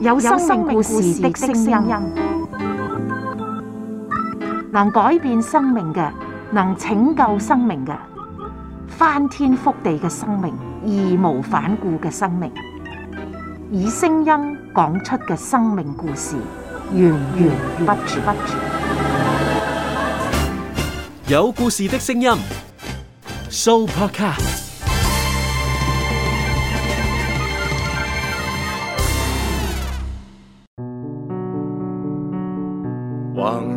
有生命故事的聲音，能改變生命嘅，能拯救生命嘅，翻天覆地嘅生命，義無反顧嘅生命，以聲音講出嘅生命故事，源源不絕。有故事的聲音，Supercar。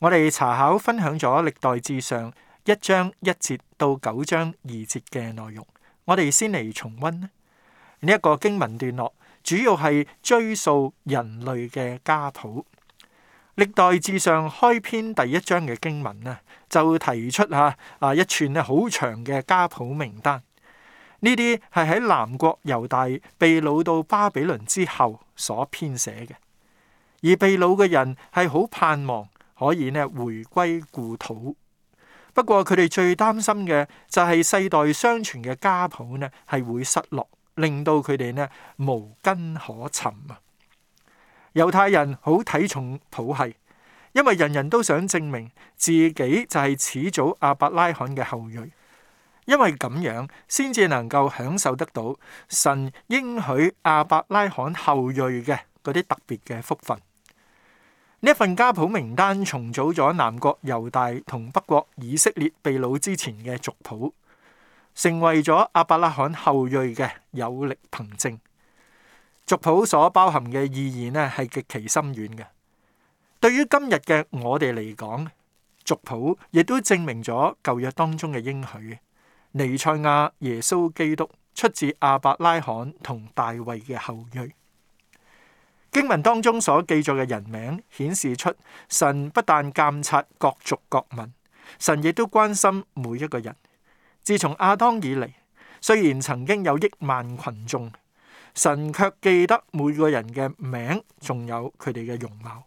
我哋查考分享咗《歷代志上》一章一節到九章二節嘅內容，我哋先嚟重溫呢一個經文段落，主要係追溯人類嘅家譜。《歷代志上》開篇第一章嘅經文呢，就提出吓啊一串呢好長嘅家譜名單，呢啲係喺南國猶大被擄到巴比倫之後所編寫嘅，而被擄嘅人係好盼望。可以呢，回歸故土。不過佢哋最擔心嘅就係世代相傳嘅家譜呢，係會失落，令到佢哋呢無根可尋啊！猶太人好睇重譜系，因為人人都想證明自己就係始祖阿伯拉罕嘅後裔，因為咁樣先至能夠享受得到神應許阿伯拉罕後裔嘅嗰啲特別嘅福分。呢份家譜名單重組咗南國猶大同北國以色列被擄之前嘅族譜，成為咗亞伯拉罕後裔嘅有力憑證。族譜所包含嘅意義呢係極其深遠嘅。對於今日嘅我哋嚟講，族譜亦都證明咗舊約當中嘅應許：尼塞亞耶穌基督出自亞伯拉罕同大衛嘅後裔。經文當中所記載嘅人名顯示出，神不但監察各族各民，神亦都關心每一個人。自從阿當以嚟，雖然曾經有億萬群眾，神卻記得每個人嘅名，仲有佢哋嘅容貌。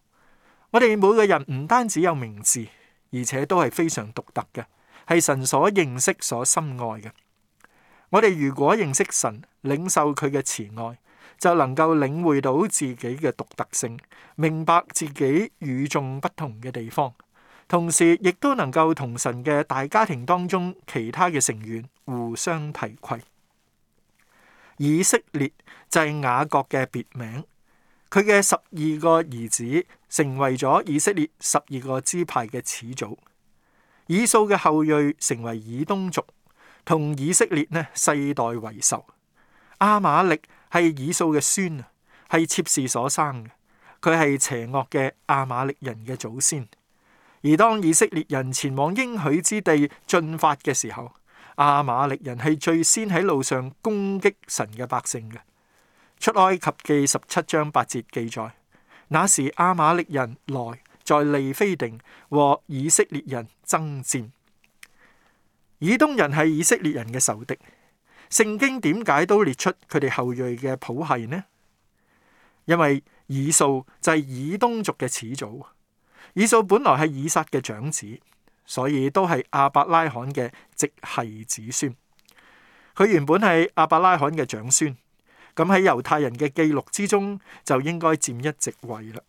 我哋每個人唔單止有名字，而且都係非常獨特嘅，係神所認識、所深愛嘅。我哋如果認識神，領受佢嘅慈愛。就能夠領會到自己嘅獨特性，明白自己與眾不同嘅地方，同時亦都能夠同神嘅大家庭當中其他嘅成員互相提攜。以色列就係雅各嘅別名，佢嘅十二個兒子成為咗以色列十二個支派嘅始祖。以掃嘅後裔成為以東族，同以色列呢世代為仇。亞瑪力。係以掃嘅孫啊，係妾侍所生嘅。佢係邪惡嘅亞瑪力人嘅祖先。而當以色列人前往應許之地進發嘅時候，亞瑪力人係最先喺路上攻擊神嘅百姓嘅。出埃及記十七章八節記載，那時亞瑪力人來在利非定和以色列人爭戰。以東人係以色列人嘅仇敵。聖經點解都列出佢哋後裔嘅譜系呢？因為以掃就係以東族嘅始祖，以掃本來係以撒嘅長子，所以都係亞伯拉罕嘅直系子孫。佢原本係亞伯拉罕嘅長孫，咁喺猶太人嘅記錄之中就應該佔一席位啦。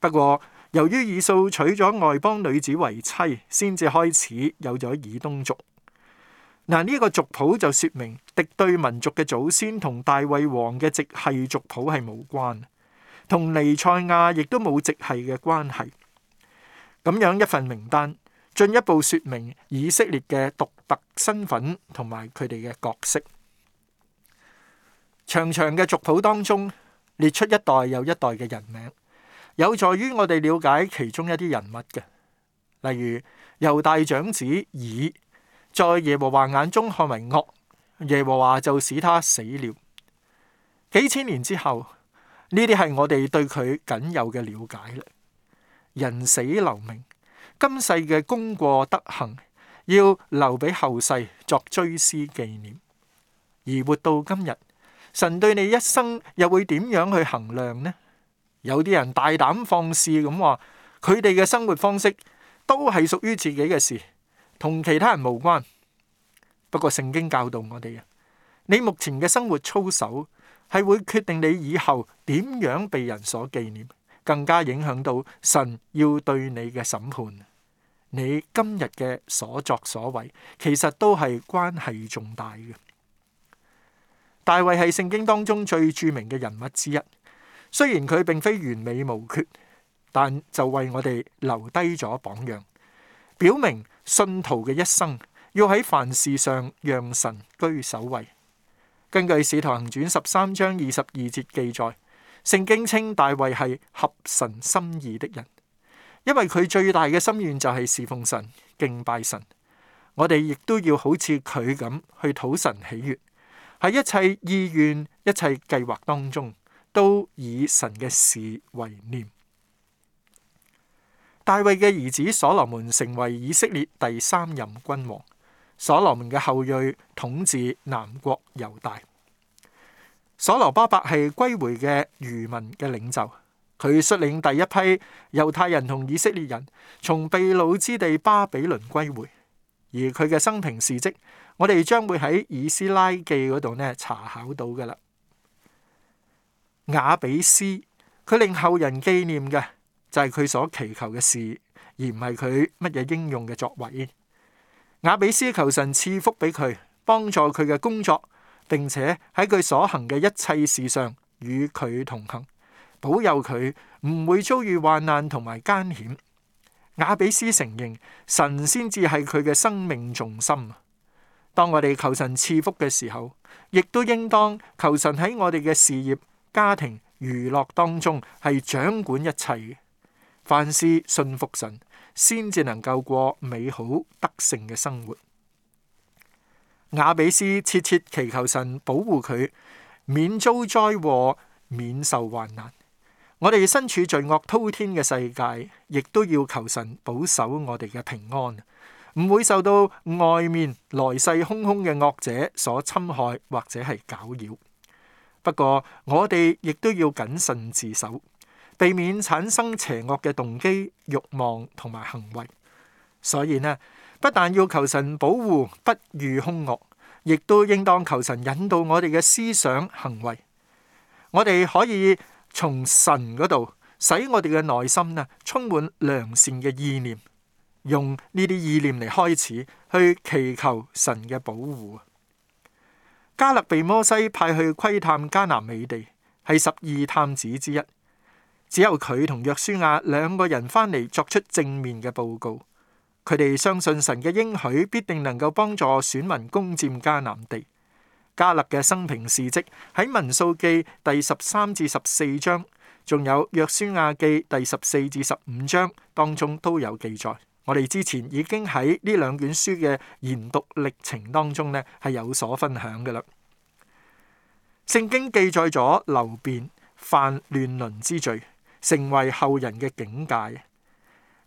不過由於以掃娶咗外邦女子為妻，先至開始有咗以東族。嗱，呢個族譜就說明敵對民族嘅祖先同大衛王嘅直系族譜係冇關，同尼賽亞亦都冇直系嘅關係。咁樣一份名單，進一步說明以色列嘅獨特身份同埋佢哋嘅角色。長長嘅族譜當中列出一代又一代嘅人名，有助於我哋了解其中一啲人物嘅，例如猶大長子以。在耶和華眼中看為惡，耶和華就使他死了。幾千年之後，呢啲係我哋對佢僅有嘅了解啦。人死留名，今世嘅功過德行要留俾後世作追思紀念。而活到今日，神對你一生又會點樣去衡量呢？有啲人大膽放肆咁話，佢哋嘅生活方式都係屬於自己嘅事。同其他人無關，不過聖經教導我哋啊，你目前嘅生活操守係會決定你以後點樣被人所紀念，更加影響到神要對你嘅審判。你今日嘅所作所為，其實都係關係重大嘅。大衛係聖經當中最著名嘅人物之一，雖然佢並非完美無缺，但就為我哋留低咗榜樣，表明。信徒嘅一生要喺凡事上讓神居首位。根據《使徒行傳》十三章二十二節記載，聖經稱大衛係合神心意的人，因為佢最大嘅心願就係侍奉神、敬拜神。我哋亦都要好似佢咁去討神喜悅，喺一切意願、一切計劃當中，都以神嘅事為念。大衛嘅兒子所羅門成為以色列第三任君王。所羅門嘅後裔統治南國猶大。所羅巴伯係歸回嘅餘民嘅領袖，佢率領第一批猶太人同以色列人從被擄之地巴比倫歸回。而佢嘅生平事跡，我哋將會喺《以斯拉記》嗰度呢查考到噶啦。雅比斯，佢令後人紀念嘅。就係佢所祈求嘅事，而唔係佢乜嘢應用嘅作為。雅比斯求神賜福俾佢，幫助佢嘅工作，並且喺佢所行嘅一切事上與佢同行，保佑佢唔會遭遇患難同埋艱險。雅比斯承認，神先至係佢嘅生命重心。當我哋求神賜福嘅時候，亦都應當求神喺我哋嘅事業、家庭、娛樂當中係掌管一切。凡事信服神，先至能夠過美好得勝嘅生活。雅比斯切切祈求神保護佢，免遭災禍，免受患難。我哋身處罪惡滔天嘅世界，亦都要求神保守我哋嘅平安，唔會受到外面來勢洶洶嘅惡者所侵害或者係攪擾。不過我哋亦都要謹慎自守。避免產生邪惡嘅動機、慾望同埋行為，所以呢，不但要求神保護不遇兇惡，亦都應當求神引導我哋嘅思想行為。我哋可以從神嗰度，使我哋嘅內心呢充滿良善嘅意念，用呢啲意念嚟開始去祈求神嘅保護。迦勒被摩西派去窺探迦南美地，係十二探子之一。只有佢同約書亞兩個人翻嚟作出正面嘅報告，佢哋相信神嘅應許必定能夠幫助選民攻佔迦南地。迦勒嘅生平事蹟喺民數記第十三至十四章，仲有約書亞記第十四至十五章當中都有記載。我哋之前已經喺呢兩卷書嘅研讀歷程當中呢，係有所分享噶啦。聖經記載咗流便犯亂倫之罪。成為後人嘅警戒，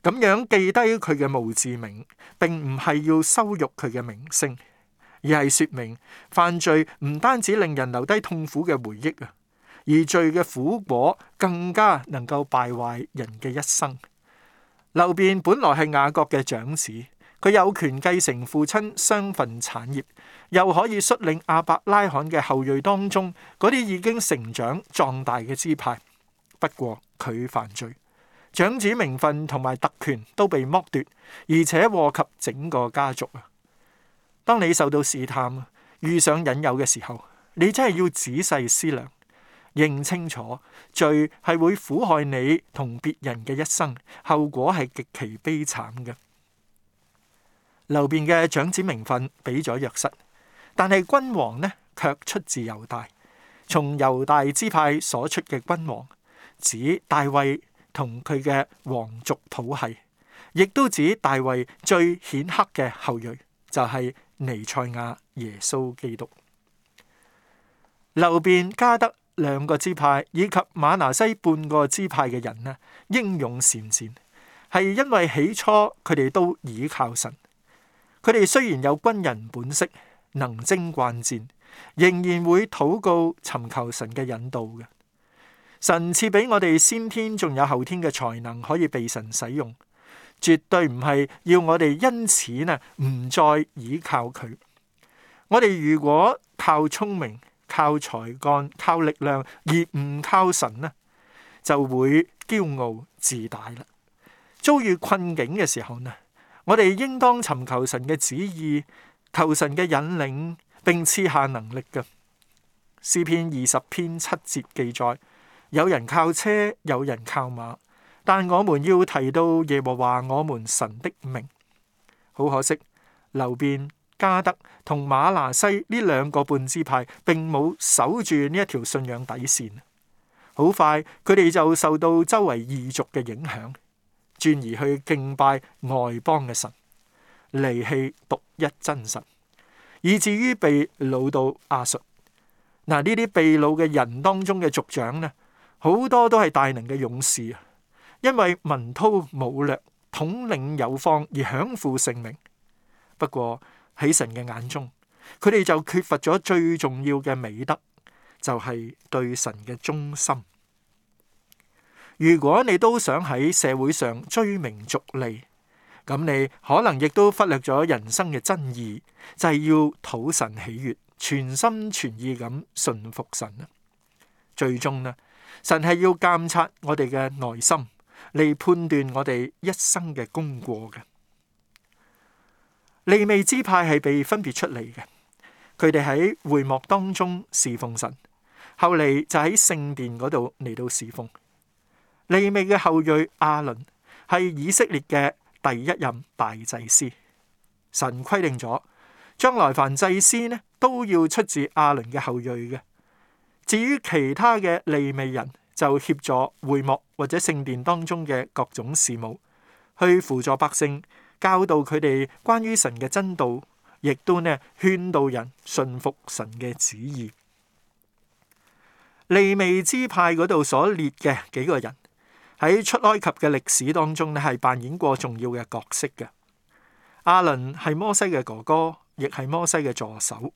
咁樣記低佢嘅墓誌銘，並唔係要羞辱佢嘅名聲，而係說明犯罪唔單止令人留低痛苦嘅回憶啊，而罪嘅苦果更加能夠敗壞人嘅一生。流便本來係雅各嘅長子，佢有權繼承父親雙份產業，又可以率領阿伯拉罕嘅後裔當中嗰啲已經成長壯大嘅支派。不過佢犯罪，長子名分同埋特權都被剝奪，而且禍及整個家族啊。當你受到試探，遇上引誘嘅時候，你真係要仔細思量，認清楚罪係會苦害你同別人嘅一生，後果係極其悲慘嘅。流便嘅長子名分俾咗約瑟，但係君王呢，卻出自猶大，從猶大支派所出嘅君王。指大衛同佢嘅皇族譜系，亦都指大衛最顯赫嘅後裔，就係、是、彌賽亞耶穌基督。流便、加得兩個支派以及馬拿西半個支派嘅人呢，英勇善戰，係因為起初佢哋都倚靠神。佢哋雖然有軍人本色，能征慣戰，仍然會禱告尋求神嘅引導嘅。神賜俾我哋先天仲有後天嘅才能，可以被神使用，絕對唔係要我哋因此呢唔再倚靠佢。我哋如果靠聰明、靠才幹、靠力量而唔靠神呢，就會驕傲自大啦。遭遇困境嘅時候呢，我哋應當尋求神嘅旨意，求神嘅引領，並賜下能力。噶詩篇二十篇七節記載。有人靠車，有人靠馬，但我們要提到耶和華我們神的名。好可惜，流便、加德同馬拿西呢兩個半支派，並冇守住呢一條信仰底線。好快，佢哋就受到周圍異族嘅影響，轉而去敬拜外邦嘅神，離棄獨一真神，以至於被擄到亞述。嗱，呢啲被擄嘅人當中嘅族長呢？好多都係大能嘅勇士，因為文韜武略、統領有方而享負盛名。不過喺神嘅眼中，佢哋就缺乏咗最重要嘅美德，就係對神嘅忠心。如果你都想喺社會上追名逐利，咁你可能亦都忽略咗人生嘅真義，就係要討神喜悅，全心全意咁信服神啊。最終呢？神係要監察我哋嘅內心，嚟判斷我哋一生嘅功過嘅。利未支派係被分別出嚟嘅，佢哋喺會幕當中侍奉神，後嚟就喺聖殿嗰度嚟到侍奉。利未嘅後裔亞倫係以色列嘅第一任大祭司，神規定咗，將來凡祭司呢都要出自亞倫嘅後裔嘅。至於其他嘅利未人，就協助會幕或者聖殿當中嘅各種事務，去輔助百姓，教導佢哋關於神嘅真道，亦都呢勸導人信服神嘅旨意。利未支派嗰度所列嘅幾個人，喺出埃及嘅歷史當中呢，係扮演過重要嘅角色嘅。亞倫係摩西嘅哥哥，亦係摩西嘅助手。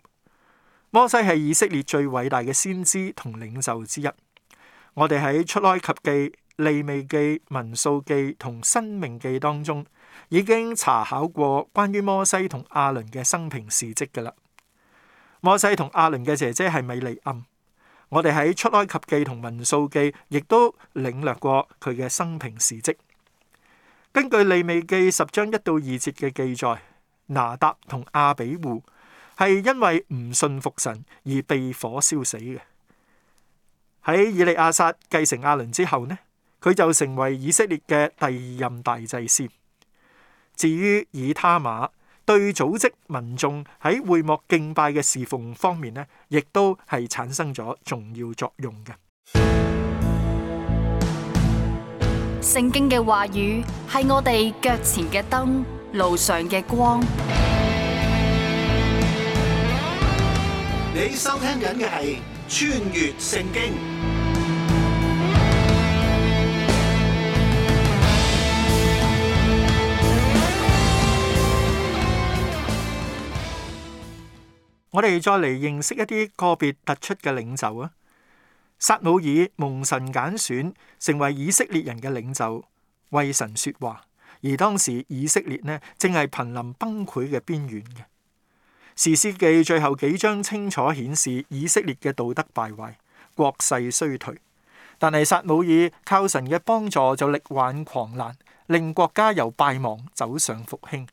摩西係以色列最偉大嘅先知同領袖之一。我哋喺出埃及記、利未記、民數記同申命記當中，已經查考過關於摩西同亞倫嘅生平事跡噶啦。摩西同亞倫嘅姐姐係米利暗。我哋喺出埃及記同民數記亦都領略過佢嘅生平事跡。根據利未記十章一到二節嘅記載，拿達同亞比戶，係因為唔信服神而被火燒死嘅。喺以利亞撒繼承亞倫之後呢，佢就成為以色列嘅第二任大祭司。至於以他馬對組織民眾喺會幕敬拜嘅侍奉方面呢，亦都係產生咗重要作用嘅。聖經嘅話語係我哋腳前嘅燈，路上嘅光。你收聽緊嘅係《穿越聖經》，我哋再嚟認識一啲個別突出嘅領袖啊。撒母耳蒙神揀選，成為以色列人嘅領袖，為神說話。而當時以色列呢，正係瀕臨崩潰嘅邊緣嘅。士師記最後幾章清楚顯示以色列嘅道德敗壞、國勢衰退，但係撒母耳靠神嘅幫助就力挽狂瀾，令國家由敗亡走上復興。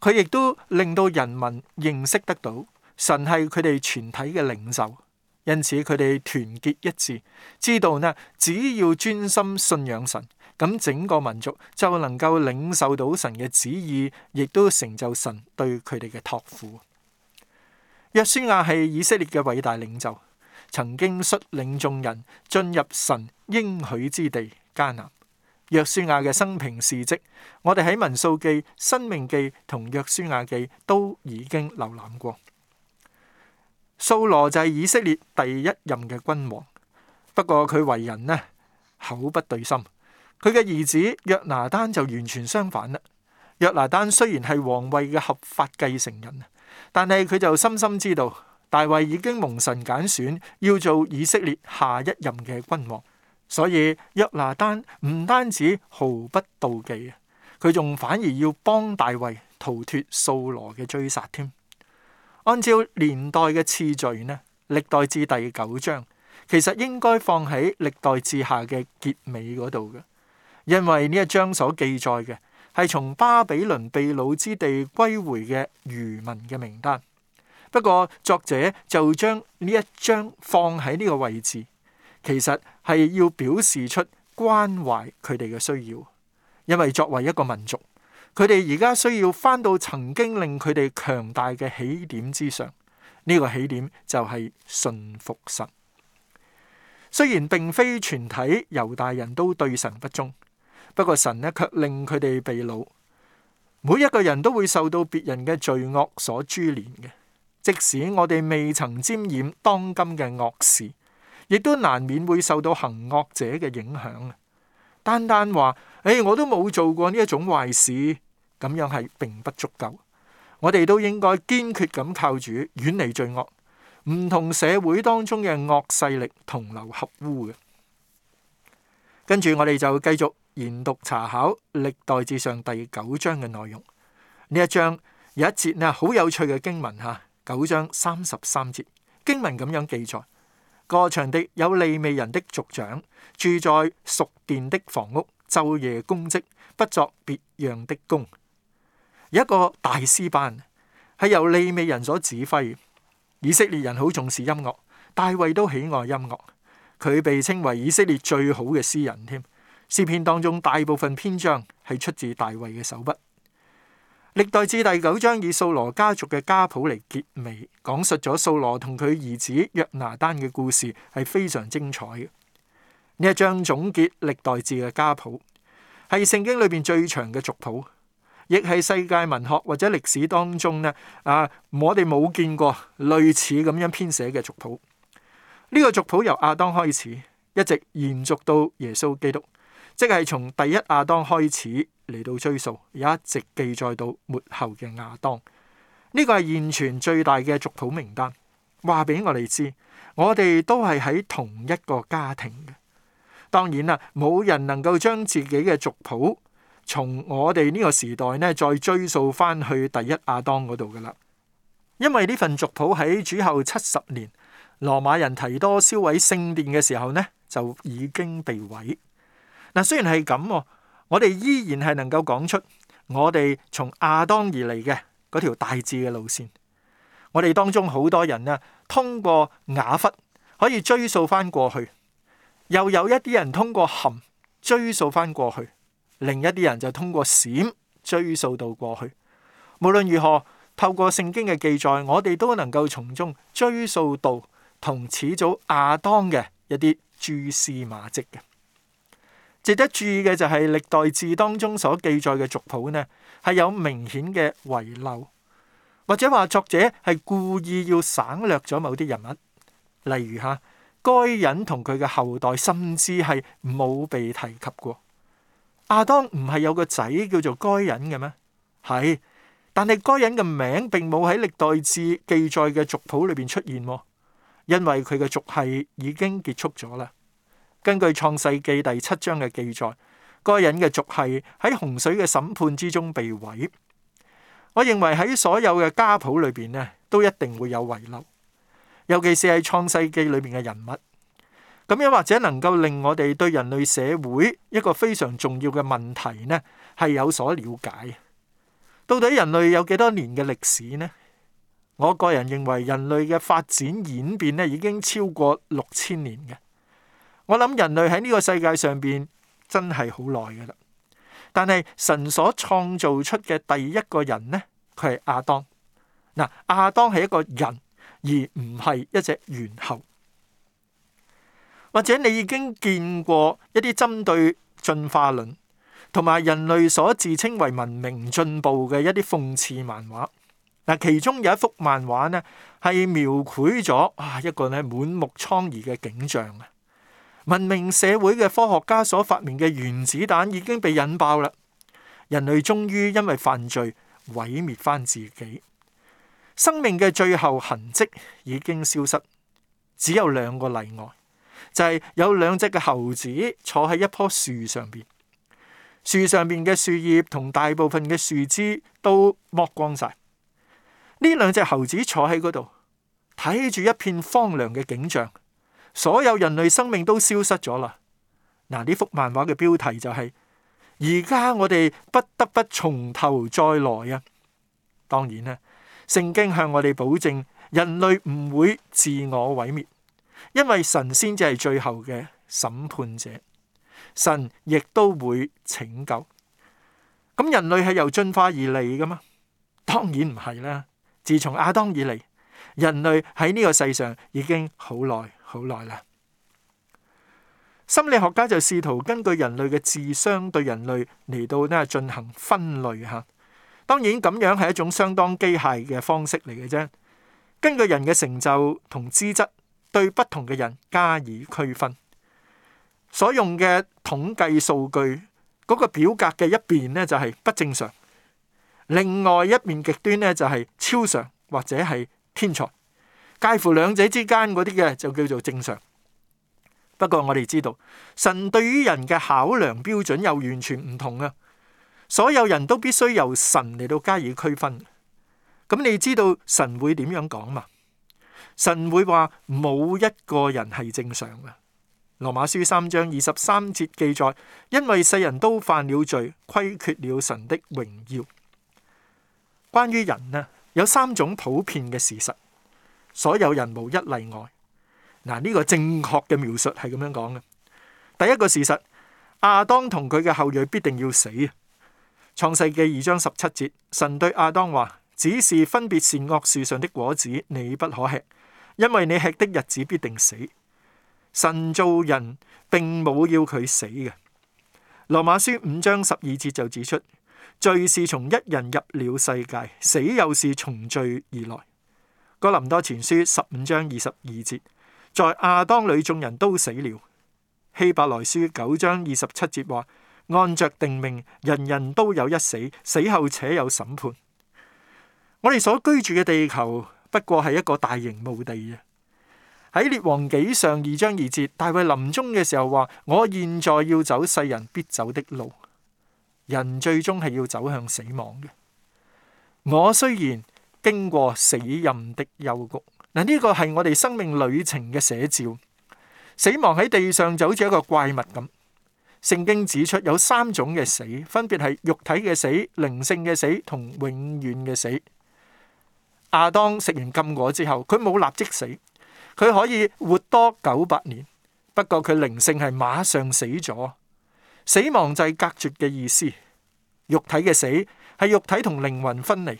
佢亦都令到人民認識得到神係佢哋全體嘅領袖，因此佢哋團結一致，知道呢只要專心信仰神，咁整個民族就能夠領受到神嘅旨意，亦都成就神對佢哋嘅託付。約書亞係以色列嘅偉大領袖，曾經率領眾人進入神應許之地迦南。約書亞嘅生平事跡，我哋喺民數記、申命記同約書亞記都已經瀏覽過。素羅就係以色列第一任嘅君王，不過佢為人呢，口不對心，佢嘅兒子約拿丹就完全相反啦。約拿丹雖然係王位嘅合法繼承人但係佢就深深知道大衛已經蒙神揀選要做以色列下一任嘅君王，所以約拿單唔單止毫不妒忌，佢仲反而要幫大衛逃脫掃羅嘅追殺添。按照年代嘅次序呢，歷代志第九章其實應該放喺歷代志下嘅結尾嗰度嘅，因為呢一章所記載嘅。係從巴比倫被擄之地歸回嘅餘民嘅名單，不過作者就將呢一章放喺呢個位置，其實係要表示出關懷佢哋嘅需要，因為作為一個民族，佢哋而家需要返到曾經令佢哋強大嘅起點之上，呢、這個起點就係順服神。雖然並非全體猶大人都對神不忠。不過神呢，卻令佢哋被擄，每一個人都會受到別人嘅罪惡所株連嘅，即使我哋未曾沾染當今嘅惡事，亦都難免會受到行惡者嘅影響啊！單單話，誒、哎，我都冇做過呢一種壞事，咁樣係並不足夠。我哋都應該堅決咁靠住遠離罪惡，唔同社會當中嘅惡勢力同流合污嘅。跟住我哋就繼續。研讀查考歷代志上第九章嘅內容，呢一章有一節呢好有趣嘅經文吓，九章三十三節經文咁樣記載：個場地有利未人的族長住在屬殿的房屋，晝夜公職，不作別樣的工。」有一個大師班係由利未人所指揮。以色列人好重視音樂，大衛都喜愛音樂，佢被稱為以色列最好嘅詩人添。詩篇當中大部分篇章係出自大衛嘅手筆，歷代志第九章以掃羅家族嘅家譜嚟結尾，講述咗掃羅同佢兒子約拿單嘅故事，係非常精彩嘅。呢一章總結歷代志嘅家譜，係聖經裏邊最長嘅族譜，亦係世界文學或者歷史當中呢。啊，我哋冇見過類似咁樣編寫嘅族譜。呢、這個族譜由亞當開始，一直延續到耶穌基督。即係從第一亞當開始嚟到追溯，一直記載到末後嘅亞當。呢、這個係現存最大嘅族譜名單，話俾我哋知，我哋都係喺同一個家庭嘅。當然啦，冇人能夠將自己嘅族譜從我哋呢個時代呢再追溯翻去第一亞當嗰度噶啦。因為呢份族譜喺主後七十年羅馬人提多銷毀聖殿嘅時候呢就已經被毀。嗱，雖然係咁，我哋依然係能夠講出我哋從亞當而嚟嘅嗰條大致嘅路線。我哋當中好多人咧，通過雅弗可以追溯翻過去；又有一啲人通過含追溯翻過去，另一啲人就通過閃追溯到過去。無論如何，透過聖經嘅記載，我哋都能夠從中追溯到同始祖亞當嘅一啲蛛絲馬跡嘅。值得注意嘅就係歷代志當中所記載嘅族譜呢，係有明顯嘅遺漏，或者話作者係故意要省略咗某啲人物，例如嚇該隱同佢嘅後代，甚至係冇被提及過。亞當唔係有個仔叫做該隱嘅咩？係，但係該隱嘅名並冇喺歷代志記載嘅族譜裏邊出現喎，因為佢嘅族系已經結束咗啦。根據創世記第七章嘅記載，個人嘅族系喺洪水嘅審判之中被毀。我認為喺所有嘅家譜裏邊呢，都一定會有遺漏，尤其是喺創世記裏面嘅人物。咁樣或者能夠令我哋對人類社會一個非常重要嘅問題呢，係有所了解。到底人類有幾多年嘅歷史呢？我個人認為人類嘅發展演變呢，已經超過六千年嘅。我諗人類喺呢個世界上邊真係好耐噶啦，但係神所創造出嘅第一個人呢，佢係亞當。嗱，亞當係一個人，而唔係一隻猿猴。或者你已經見過一啲針對進化論同埋人類所自稱為文明進步嘅一啲諷刺漫畫。嗱、啊，其中有一幅漫畫呢，係描繪咗啊一個呢滿目瘡痍嘅景象啊！文明社會嘅科學家所發明嘅原子彈已經被引爆啦！人類終於因為犯罪毀滅翻自己，生命嘅最後痕跡已經消失，只有兩個例外，就係有兩隻嘅猴子坐喺一棵樹上邊，樹上邊嘅樹葉同大部分嘅樹枝都剝光晒。呢兩隻猴子坐喺嗰度，睇住一片荒涼嘅景象。所有人類生命都消失咗啦。嗱，呢幅漫畫嘅標題就係而家我哋不得不從頭再來啊。當然啦，聖經向我哋保證人類唔會自我毀滅，因為神先至係最後嘅審判者，神亦都會拯救。咁人類係由進化而嚟噶嘛？當然唔係啦。自從亞當以嚟，人類喺呢個世上已經好耐。好耐啦！心理學家就試圖根據人類嘅智商對人類嚟到呢，進行分類吓。當然咁樣係一種相當機械嘅方式嚟嘅啫。根據人嘅成就同資質對不同嘅人加以區分，所用嘅統計數據嗰個表格嘅一邊呢，就係不正常，另外一面極端呢，就係超常或者係天才。介乎兩者之間嗰啲嘅就叫做正常。不過我哋知道，神對於人嘅考量標準又完全唔同啊！所有人都必須由神嚟到加以區分。咁你知道神會點樣講嘛？神會話冇一個人係正常嘅。羅馬書三章二十三節記載：因為世人都犯了罪，虧缺了神的榮耀。關於人呢，有三種普遍嘅事實。所有人無一例外。嗱，呢個正確嘅描述係咁樣講嘅。第一個事實，亞當同佢嘅後裔必定要死。創世記二章十七節，神對亞當話，只是分別善惡樹上的果子你不可吃，因為你吃的日子必定死。神造人並冇要佢死嘅。羅馬書五章十二節就指出，罪是從一人入了世界，死又是從罪而來。哥林多前書十五章二十二節，在亞當裏眾人都死了。希伯來書九章二十七節話：按着定命，人人都有一死，死後且有審判。我哋所居住嘅地球不過係一個大型墓地啊！喺列王紀上二章二節，大衛臨終嘅時候話：我現在要走世人必走的路，人最終係要走向死亡嘅。我雖然。經過死蔭的幽谷，嗱呢個係我哋生命旅程嘅寫照。死亡喺地上就好似一個怪物咁。聖經指出有三種嘅死，分別係肉體嘅死、靈性嘅死同永遠嘅死。亞當食完禁果之後，佢冇立即死，佢可以活多九百年，不過佢靈性係馬上死咗。死亡就係隔絕嘅意思。肉體嘅死係肉體同靈魂分離。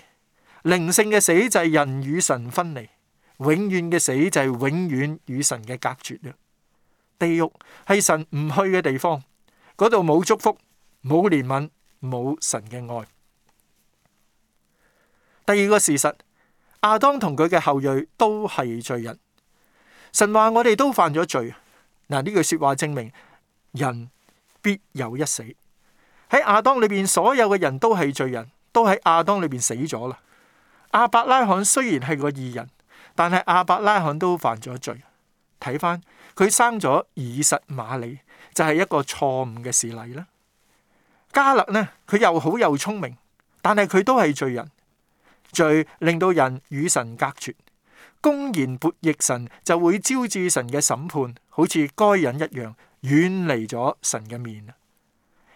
靈性嘅死就係人與神分離，永遠嘅死就係永遠與神嘅隔絕啊！地獄係神唔去嘅地方，嗰度冇祝福，冇憐憫，冇神嘅愛。第二個事實，亞當同佢嘅後裔都係罪人。神話我哋都犯咗罪。嗱，呢句說話證明人必有一死。喺亞當裏邊，所有嘅人都係罪人，都喺亞當裏邊死咗啦。亞伯拉罕雖然係個義人，但係亞伯拉罕都犯咗罪。睇返佢生咗以實瑪利，就係一個錯誤嘅事例啦。加勒呢，佢又好又聰明，但係佢都係罪人，罪令到人與神隔絕。公然悖逆神，就會招致神嘅審判，好似該人一樣，遠離咗神嘅面。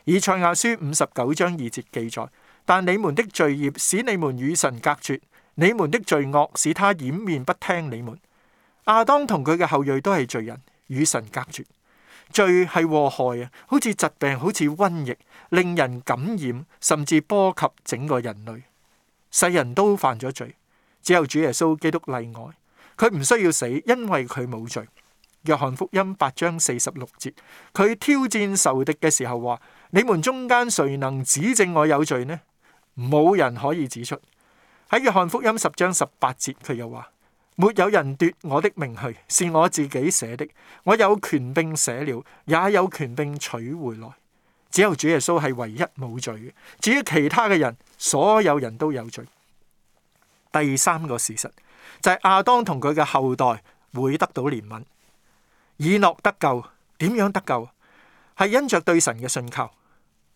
以賽亞書五十九章二節記載：但你們的罪孽使你們與神隔絕。你們的罪惡使他掩面不聽你們。亞當同佢嘅後裔都係罪人，與神隔絕。罪係禍害啊，好似疾病，好似瘟疫，令人感染，甚至波及整個人類。世人都犯咗罪，只有主耶穌基督例外。佢唔需要死，因為佢冇罪。約翰福音八章四十六節，佢挑戰仇敵嘅時候話：你們中間誰能指證我有罪呢？冇人可以指出。喺約翰福音十章十八節，佢又話：沒有人奪我的命去，是我自己捨的。我有權柄捨了，也有權柄取回來。只有主耶穌係唯一冇罪嘅。至於其他嘅人，所有人都有罪。第三個事實就係、是、亞當同佢嘅後代會得到憐憫，以諾得救，點樣得救？係因着對神嘅信靠。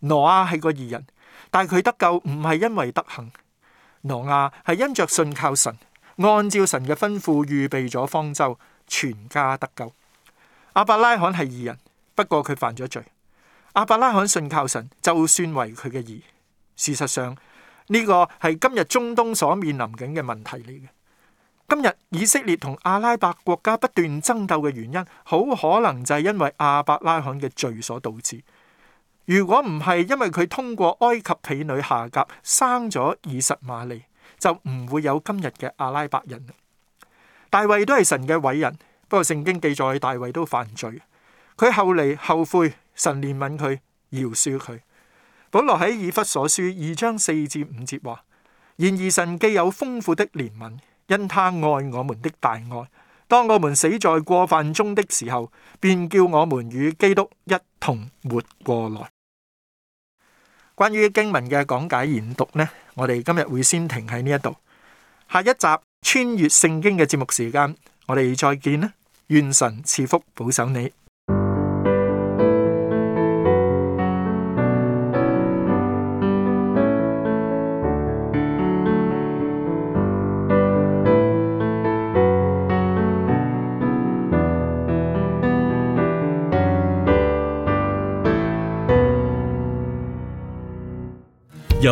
挪亞係個義人，但佢得救唔係因為德行。挪亞係因着信靠神，按照神嘅吩咐預備咗方舟，全家得救。亞伯拉罕係義人，不過佢犯咗罪。亞伯拉罕信靠神，就算為佢嘅義。事實上，呢個係今日中東所面臨緊嘅問題嚟嘅。今日以色列同阿拉伯國家不斷爭鬥嘅原因，好可能就係因為亞伯拉罕嘅罪所導致。如果唔係因為佢通過埃及婢女夏甲生咗以實馬利，就唔會有今日嘅阿拉伯人。大衛都係神嘅偉人，不過聖經記載大衛都犯罪，佢後嚟後悔，神憐憫佢饒恕佢。保羅喺以弗所書二章四至五節話：然而神既有豐富的憐憫，因他愛我們的大愛，當我們死在過犯中的時候，便叫我們與基督一同活過來。關於經文嘅講解研讀呢，我哋今日會先停喺呢一度。下一集穿越聖經嘅節目時間，我哋再見啦！願神賜福保守你。